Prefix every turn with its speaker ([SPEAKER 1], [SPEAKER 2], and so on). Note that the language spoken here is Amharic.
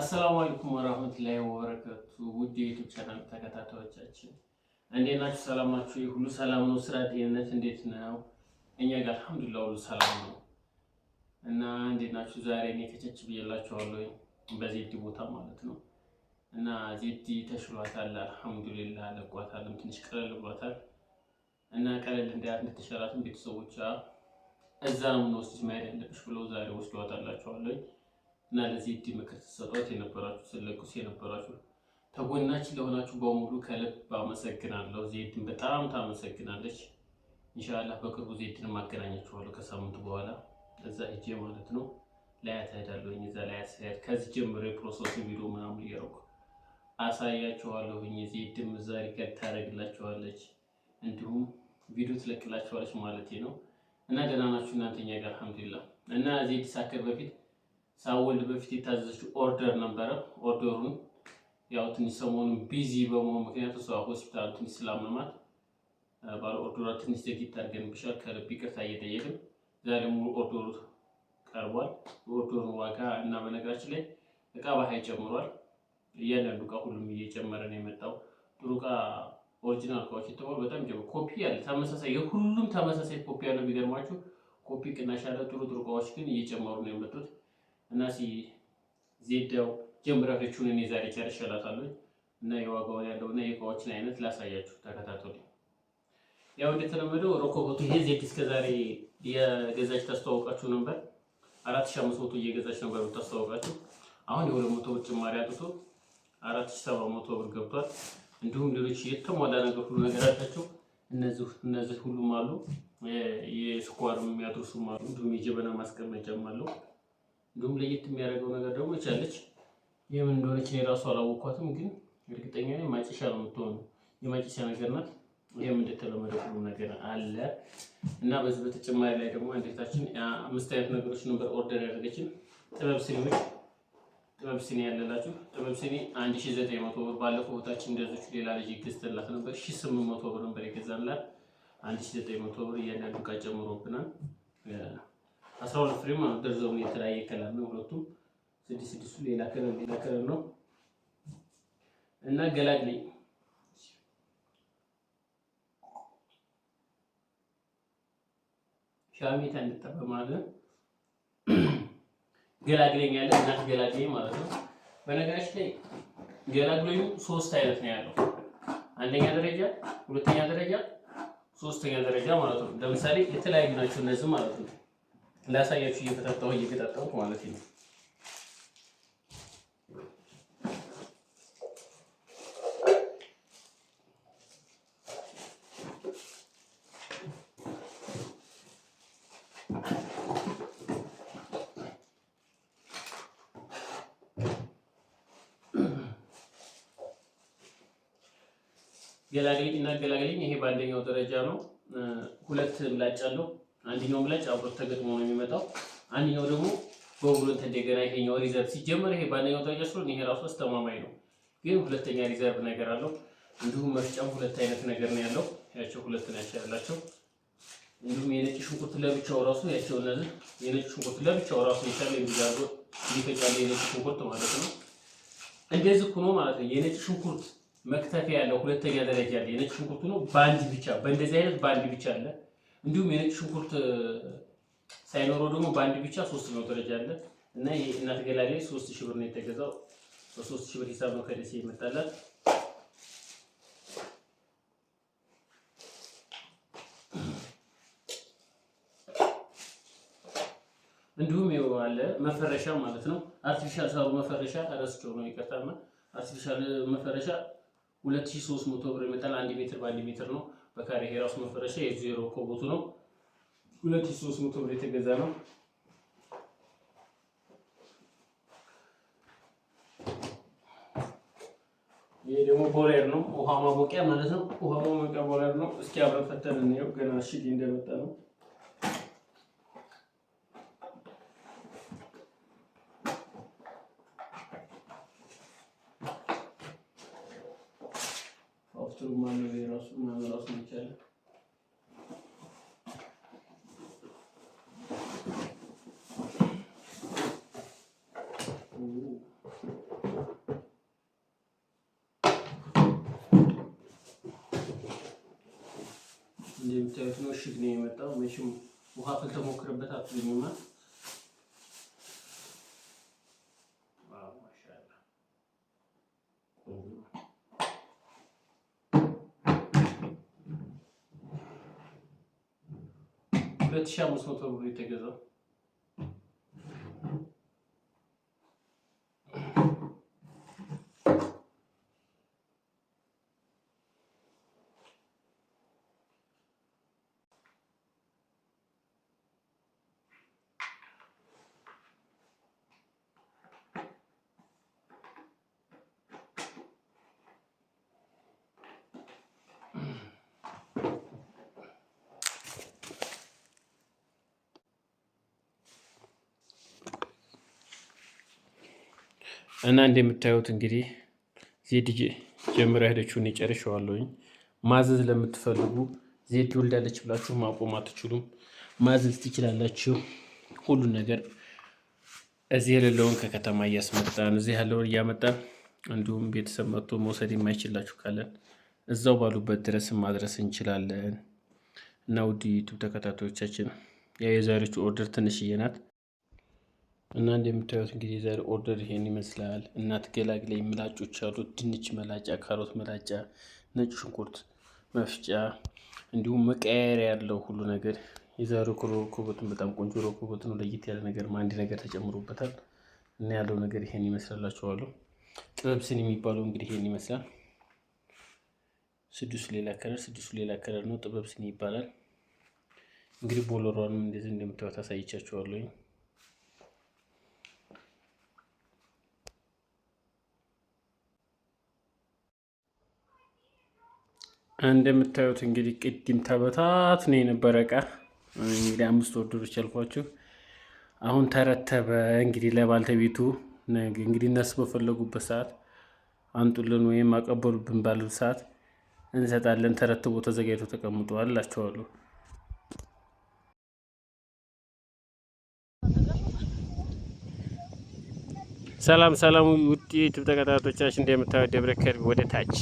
[SPEAKER 1] አሰላሙ አለይኩም ወራህመቱላሂ ወበረካቱ። ውድ የዩቲዩብ ቻናል ተከታታዮቻችን እንዴት ናችሁ? ሰላም ሁሉ ሰላም ነው? ስራ፣ ጤንነት እንዴት ነው? እኛ ጋር አልሐምዱሊላህ ሁሉ ሰላም ነው። እና እንዴት ናችሁ? ዛሬ እኔ ከቸች ብዬላችኋለሁ በዜድ ቦታ ማለት ነው። እና ዜድ ተሽሏታል፣ አልሐምዱሊላህ ለቋታልም፣ ትንሽ ቀለል ብሏታል። እና ቀለል እንዳያት እንድትሸራትም ቤተሰቦቿ እዛ ነው የምንወስድሽ መሄድ ያለብሽ ብሎ ዛሬ ወስዶ ያወጣላቸዋለኝ እና ለዚህ እድ ምክር ትሰጧት የነበራችሁ ስለቁስ የነበራችሁ ተጎናችን ለሆናችሁ በሙሉ ከልብ አመሰግናለሁ። ዜድን በጣም ታመሰግናለች። ኢንሻላህ በቅርቡ ዜድን ማገናኛችኋለሁ ከሳምንቱ በኋላ እዛ ሄጄ ማለት ነው ላያት እሄዳለሁኝ። እዛ ላይ ስሄድ ከዚህ ጀምሮ የፕሮሰሱ ቪዲዮ ምናምን እያደረኩ አሳያችኋለሁኝ። ዜድም እዛ ሪከርድ ታደርግላችኋለች፣ እንዲሁም ቪዲዮ ትለቅላችኋለች ማለት ነው። እና ደህና ናችሁ እናንተ? እኛ ጋር አልሐምዱሊላህ። እና እዚህ የተሳከር በፊት ሳወልድ በፊት የታዘዘችው ኦርደር ነበረ። ኦርደሩን ያው ትንሽ ሰሞኑን ቢዚ በመሆኑ ምክንያት እሷ ሆስፒታል ትንሽ ስላመማት ባለ ኦርደሯ ትንሽ ዘግይታ አድርገንብሻል። ከልብ ይቅርታ እየጠየቅን ዛሬ ሙሉ ኦርደሩ ቀርቧል። የኦርደሩን ዋጋ እና በነገራችን ላይ እቃ በሀይ ጨምሯል። እያንዳንዱ እቃ ሁሉም እየጨመረ ነው የመጣው ጥሩ እቃ ኦሪጂናል እቃዎች የተባሉ በጣም ጀምሮ ኮፒ ያለ ተመሳሳይ የሁሉም ተመሳሳይ ኮፒ ያለው የሚገርማችሁ ኮፒ ቅናሽ ያለ ጥሩ ጥሩ እቃዎች ግን እየጨመሩ ነው የመጡት እና ሲ ዜዳው ጀምራቶቹን እኔ ዛሬ ጨርሼላታለሁ እና የዋጋውን ያለውና የእቃዎችን አይነት ላሳያችሁ ተከታተሉ። ያው እንደተለመደው ሮኮቦቱ ይሄ ዜድ እስከ ዛሬ የገዛች ታስተዋውቃችሁ ነበር። 4500 እየገዛች ነበር ታስተዋውቃችሁ። አሁን የሁለት መቶ ብር ጭማሪ አጥቶ 4700 ብር ገብቷል። እንዲሁም ሌሎች የተሟላ ነገር ሁሉ ነገር አላቸው። እነዚህ ሁሉም አሉ። የስኳርም ያጥርሱም አሉ። እንዲሁም የጀበና ማስቀመጫም አለው። እንዲሁም ለየት የሚያደርገው ነገር ደግሞ ይቻለች የምን እንደሆነች እኔ ራሱ አላወኳትም፣ ግን እርግጠኛ ነኝ ማጨሻ ነው የምትሆኑ የማጨሻ ነገር ናት። ይህም እንደተለመደ ሁሉም ነገር አለ እና በዚህ በተጨማሪ ላይ ደግሞ እንዴታችን አምስት አይነት ነገሮች ነበር ኦርደር ያደረገችን ጥበብ ስሪዎች ጥበብ ሲኒ ያለላችሁ ጥበብ ሲኒ 1900 ብር ባለፈው ቦታችን እንደዚህ ሌላ ልጅ ገዝተላት ነበር 1800 ብር ነበር የገዛላት 1900 ብር እያንዳንዱ ዕቃ ጨምሮብናል 12 ፍሬ ማለት ደርዘው የተለያየ ከለር ነው ሁለቱም ስድስት ስድስቱ ሌላ ከለር ሌላ ከለር ነው እና ገላግሌ ሻሚታ እንጠበማለን ገላግለኝ ያለ እናት ገላግለኝ ማለት ነው። በነገራችን ላይ ገላግለኙ ሶስት አይነት ነው ያለው፣ አንደኛ ደረጃ፣ ሁለተኛ ደረጃ፣ ሶስተኛ ደረጃ ማለት ነው። ለምሳሌ የተለያዩ ናቸው እነዚህ ማለት ነው። ላሳያችሁ እየፈታታሁ እየገጣጣሁ ማለት ነው። ገላጋይ እና ገላጋይን ይሄ በአንደኛው ደረጃ ነው። ሁለት ምላጭ አለው። አንደኛው ምላጭ አብሮት ተገጥሞ ነው የሚመጣው። አንደኛው ደግሞ በሁለት እንደገና ይሄኛው ሪዘርቭ ሲጀመር ይሄ በአንደኛው ደረጃ ስለሆነ ይሄ ራሱ አስተማማኝ ነው፣ ግን ሁለተኛ ሪዘርቭ ነገር አለው። እንዲሁም መፍጫም ሁለት አይነት ነገር ነው ያለው። ያቸው ሁለት ናቸው ያላቸው። እንዲሁም የነጭ ሽንኩርት ለብቻው ራሱ ያቸው እነዚህ የነጭ ሽንኩርት ለብቻው ራሱ የቻለ የሚዛጎ ሊፈጫለ የነጭ ሽንኩርት ማለት ነው። እንደዚህ ሆኖ ማለት ነው የነጭ ሽንኩርት መክተፊያ ያለው ሁለተኛ ደረጃ ያለ የነጭ ሽንኩርት ነው። በአንድ ብቻ በእንደዚህ አይነት በአንድ ብቻ አለ። እንዲሁም የነጭ ሽንኩርት ሳይኖረው ደግሞ በአንድ ብቻ ሶስት ነው ደረጃ አለ እና ይሄ እናት ገላሌ ሶስት ሺህ ብር ነው የተገዛው። በሶስት ሺህ ብር ሂሳብ ነው ከደሴ ይመጣላት። እንዲሁም ይኸው አለ መፈረሻ ማለት ነው። አርቲፊሻል ሳሩ መፈረሻ ረስቸው ነው ይቀጣና አርቲፊሻል መፈረሻ 2300 ብር ይመጣል። 1 ሜትር በ1 ሜትር ነው። በካሬ የራሱ መፈረሻ የዜሮ ኮቦቱ ነው። 2300 ብር የተገዛ ነው። ይሄ ደግሞ ቦሌር ነው። ውሃ ማሞቂያ ማለት ነው። ውሃ ማሞቂያ ቦሌር ነው። እስኪ አብረን ፈተን እንየው። ገና እሽግ እንደመጣ ነው። kterou máme výraz, máme vlastně těle. Vidím, že všechny jíme to, myším, uhápil to mokrobet a přijímat. Ve çiğ musluğu tabi bu tekrar. እና እንደምታዩት እንግዲህ ዜድ ጀምራ ሄደችውን ጨርሸዋለሁኝ። ማዘዝ ለምትፈልጉ ዜድ ወልዳለች ብላችሁ ማቆም አትችሉም። ማዘዝ ትችላላችሁ። ሁሉን ነገር እዚህ የሌለውን ከከተማ እያስመጣን እዚህ ያለውን እያመጣን እንዲሁም ቤተሰብ መጥቶ መውሰድ የማይችላችሁ ካለን እዛው ባሉበት ድረስ ማድረስ እንችላለን እና ውድ ዩቱብ ተከታታዮቻችን የዛሬዎቹ ኦርደር ትንሽዬ ናት። እና እንደምታዩት እንግዲህ የዛሬ ኦርደር ይሄን ይመስላል። እናት ገላግላይ ምላጮች አሉት። ድንች መላጫ፣ ካሮት መላጫ፣ ነጭ ሽንኩርት መፍጫ እንዲሁም መቀያየር ያለው ሁሉ ነገር የዛሬው ኮረኮቦትን በጣም ቆንጆ ኮረኮቦት ነው። ለየት ያለ ነገር አንድ ነገር ተጨምሮበታል እና ያለው ነገር ይሄን ይመስላላችኋለሁ። ጥበብስን የሚባለው እንግዲህ ይሄን ይመስላል። ስድስቱ ሌላ ከለር ስድስቱ ሌላ ከለር ነው። ጥበብስን ይባላል እንግዲህ ቦሎሯንም እንደዚህ እንደምታዩት አሳይቻችኋለሁ። እንደምታዩት እንግዲህ ቅድም ተበታት ነው የነበረ እቃ እንግዲህ አምስት ወርዶች ያልኳችሁ አሁን ተረተበ። እንግዲህ ለባልተቤቱ እንግዲህ እነሱ በፈለጉበት ሰዓት አንጡልን ወይም አቀበሉብን ባሉት ሰዓት እንሰጣለን። ተረትቦ ተዘጋጅቶ ተቀምጠዋል ላቸዋሉ። ሰላም ሰላም ውጤ ዩቱብ ተከታታዮቻችን እንደምታዩት ደብረ ወደ ታች